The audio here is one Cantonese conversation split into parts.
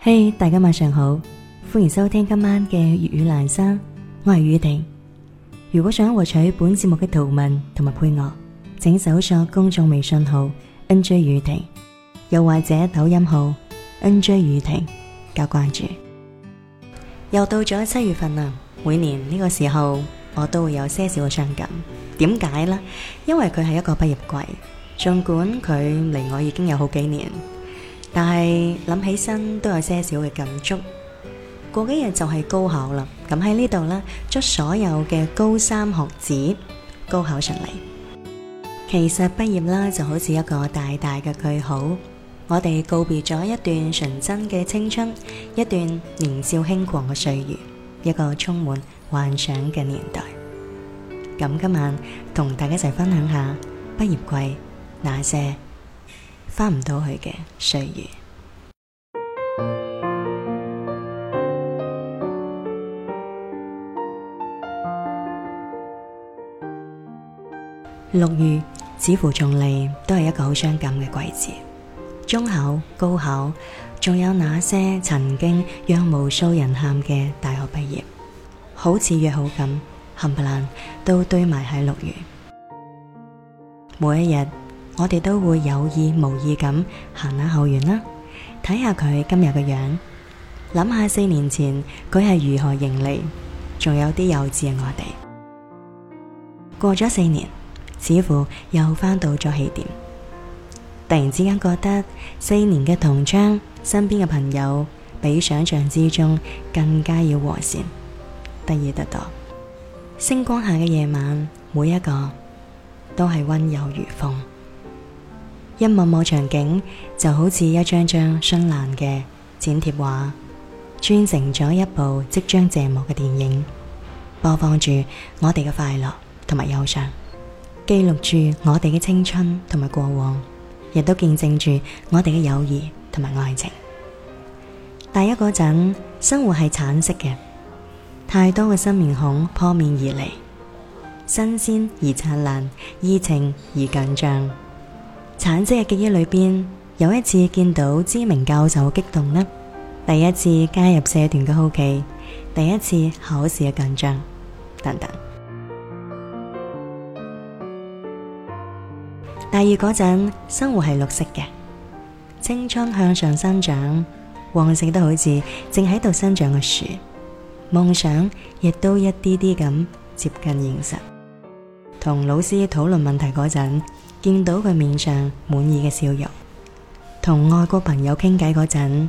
嘿，hey，大家晚上好，歡迎收聽今晚嘅粵語闌珊，我係宇婷。如果想獲取本節目嘅圖文同埋配樂，請搜索公眾微信號 NJ 宇婷，又或者抖音號 NJ 宇婷，加關注。又到咗七月份啦，每年呢個時候我都會有些少嘅傷感，點解呢？因為佢係一個畢業季，儘管佢離我已經有好幾年。但係諗起身都有些少嘅感觸，過幾日就係高考啦。咁喺呢度咧，祝所有嘅高三學子高考順利。其實畢業啦，就好似一個大大嘅句號，我哋告別咗一段純真嘅青春，一段年少輕狂嘅歲月，一個充滿幻想嘅年代。咁今晚同大家一齊分享下畢業季那些。翻唔到去嘅歲月。六月似乎從嚟都係一個好傷感嘅季節，中考、高考，仲有那些曾經讓無數人喊嘅大學畢業，好似約好咁，冚唪唥都堆埋喺六月，每一日。我哋都會有意無意咁行下校園啦，睇下佢今日嘅樣，諗下四年前佢係如何迎嚟，仲有啲幼稚嘅我哋。過咗四年，似乎又返到咗起點。突然之間覺得四年嘅同窗，身邊嘅朋友比想象之中更加要和善，得意得多。星光下嘅夜晚，每一個都係温柔如風。一幕幕場景就好似一張張絢爛嘅剪貼畫，穿成咗一部即將謝幕嘅電影，播放住我哋嘅快樂同埋憂傷，記錄住我哋嘅青春同埋過往，亦都見證住我哋嘅友誼同埋愛情。大一嗰陣，生活係橙色嘅，太多嘅新面孔撲面而嚟，新鮮而燦爛，熱情而緊張。橙色嘅記憶裏邊，有一次見到知名教授嘅激動咧，第一次加入社團嘅好奇，第一次考試嘅緊張，等等。 大二嗰陣，生活係綠色嘅，青春向上生長，旺盛得好似正喺度生長嘅樹，夢想亦都一啲啲咁接近現實。同老師討論問題嗰陣，見到佢面上滿意嘅笑容，同外國朋友傾偈嗰陣，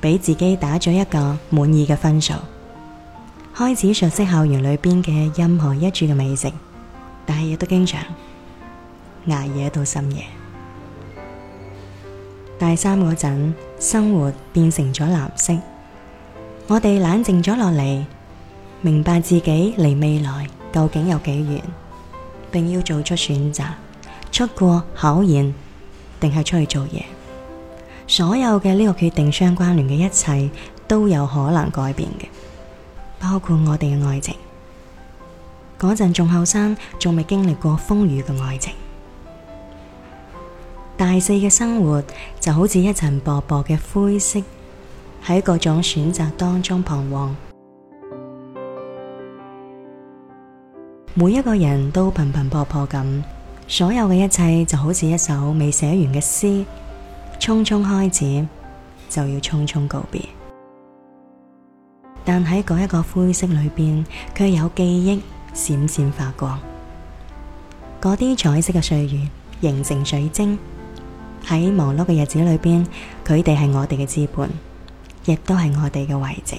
俾自己打咗一個滿意嘅分數。開始熟悉校園裏邊嘅任何一處嘅美食，但係亦都經常捱夜到深夜。大三嗰陣，生活變成咗藍色，我哋冷靜咗落嚟，明白自己離未來究竟有幾遠，並要做出選擇。出國考研，定係出去做嘢，所有嘅呢個決定相關聯嘅一切都有可能改變嘅，包括我哋嘅愛情。嗰陣仲後生，仲未經歷過風雨嘅愛情，大四嘅生活就好似一層薄薄嘅灰色，喺各種選擇當中彷徨。每一個人都奔奔波波咁。所有嘅一切就好似一首未寫完嘅詩，匆匆開始就要匆匆告別。但喺嗰一個灰色裏邊，卻有記憶閃閃發光。嗰啲彩色嘅歲月形成水晶。喺忙碌嘅日子裏邊，佢哋係我哋嘅資本，亦都係我哋嘅慰藉。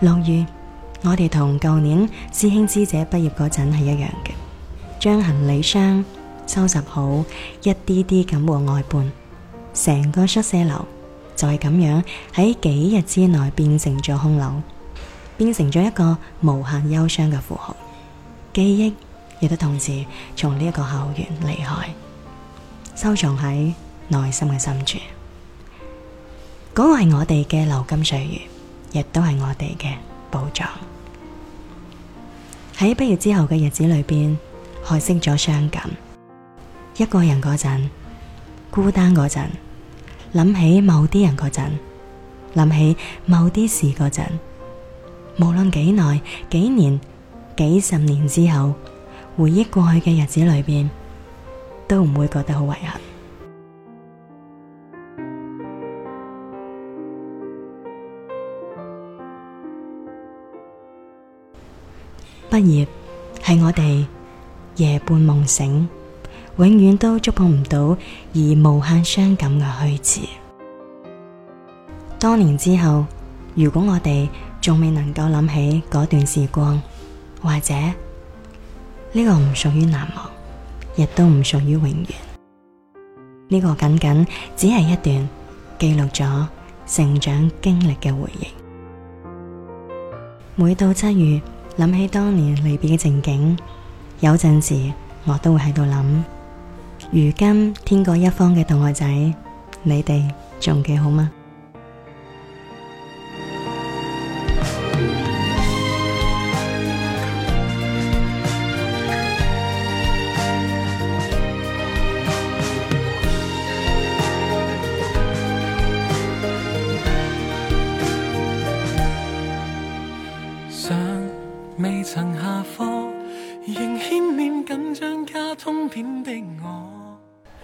六月。我哋同舊年師兄師姐畢業嗰陣係一樣嘅，將行李箱收拾好，一啲啲咁往外搬，成個宿舍樓就係咁樣喺幾日之內變成咗空樓，變成咗一個無限憂傷嘅符號。記憶亦都同時從呢一個校園離開，收藏喺內心嘅深處。嗰個係我哋嘅流金歲月，亦都係我哋嘅，寶藏喺畢業之後嘅日子裏邊，學識咗傷感。一個人嗰陣，孤單嗰陣，諗起某啲人嗰陣，諗起某啲事嗰陣，無論幾耐、幾年、幾十年之後，回憶過去嘅日子裏邊，都唔會覺得好遺憾。畢業係我哋夜半夢醒，永遠都觸碰唔到而無限傷感嘅虛詞。多年之後，如果我哋仲未能夠諗起嗰段時光，或者呢個唔屬於難忘，亦都唔屬於永遠，呢個僅僅只係一段記錄咗成長經歷嘅回憶。每到七月。諗起當年離別嘅情景，有陣時我都會喺度諗，如今天各一方嘅同學仔，你哋仲幾好嗎？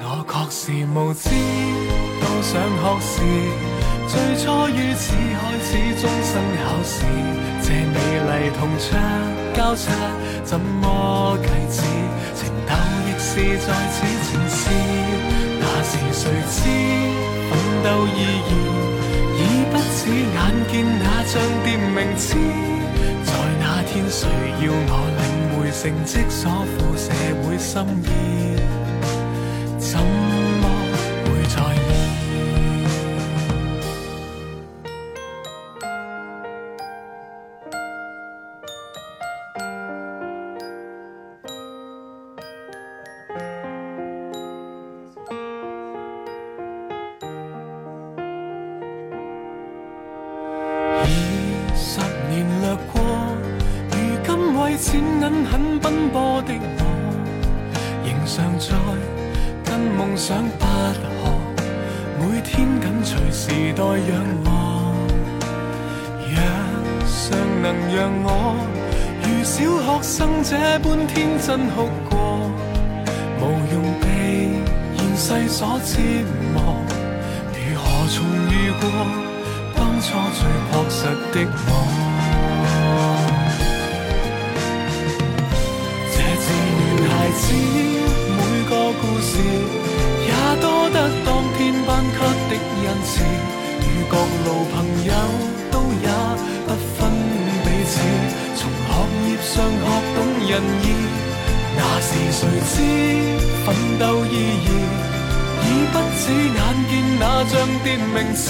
我確是無知，都想學識。最初於此開始，終身考試。這美麗同桌交叉，怎麼啟齒？情竇亦是在此前絲。那時誰知奮鬥意義，已不止眼見那張疊名次。在那天，誰要我領會成績所負社會心意？錢銀 很奔波的我，仍常在跟夢想拔河。每天緊隨時代仰望，若尚能讓我如小學生這般天真哭過，毋用被現世所折磨。如何重遇過當初最樸實的我？只每個故事也多得當天班級的恩賜，與各路朋友都也不分彼此，從學業上學懂仁義，那是誰知奮鬥意義已不只眼見那張點名紙，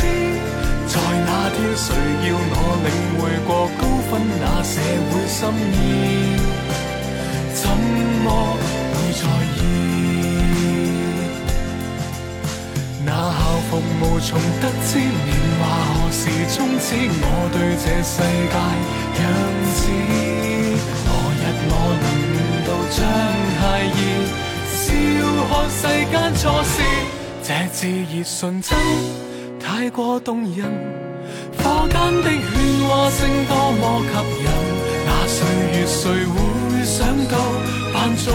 在那天誰要我領會過高分那社會心意，怎麼？在意，那校服無從得知年華何時終止。我對這世界樣子，何日我能悟到將孩兒笑看世間錯事。這熾熱純真太過動人，課間的喧嘩聲多麼吸引。那歲月誰會想到班中？